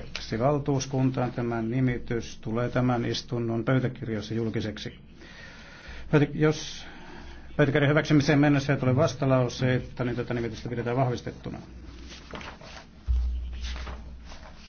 nimittämiseksi valtuuskuntaan. tämän nimitys tulee tämän istunnon pöytäkirjassa julkiseksi. Jos pöytäkirjan hyväksymiseen mennessä ei tule vastalauseita, niin tätä nimitystä pidetään vahvistettuna.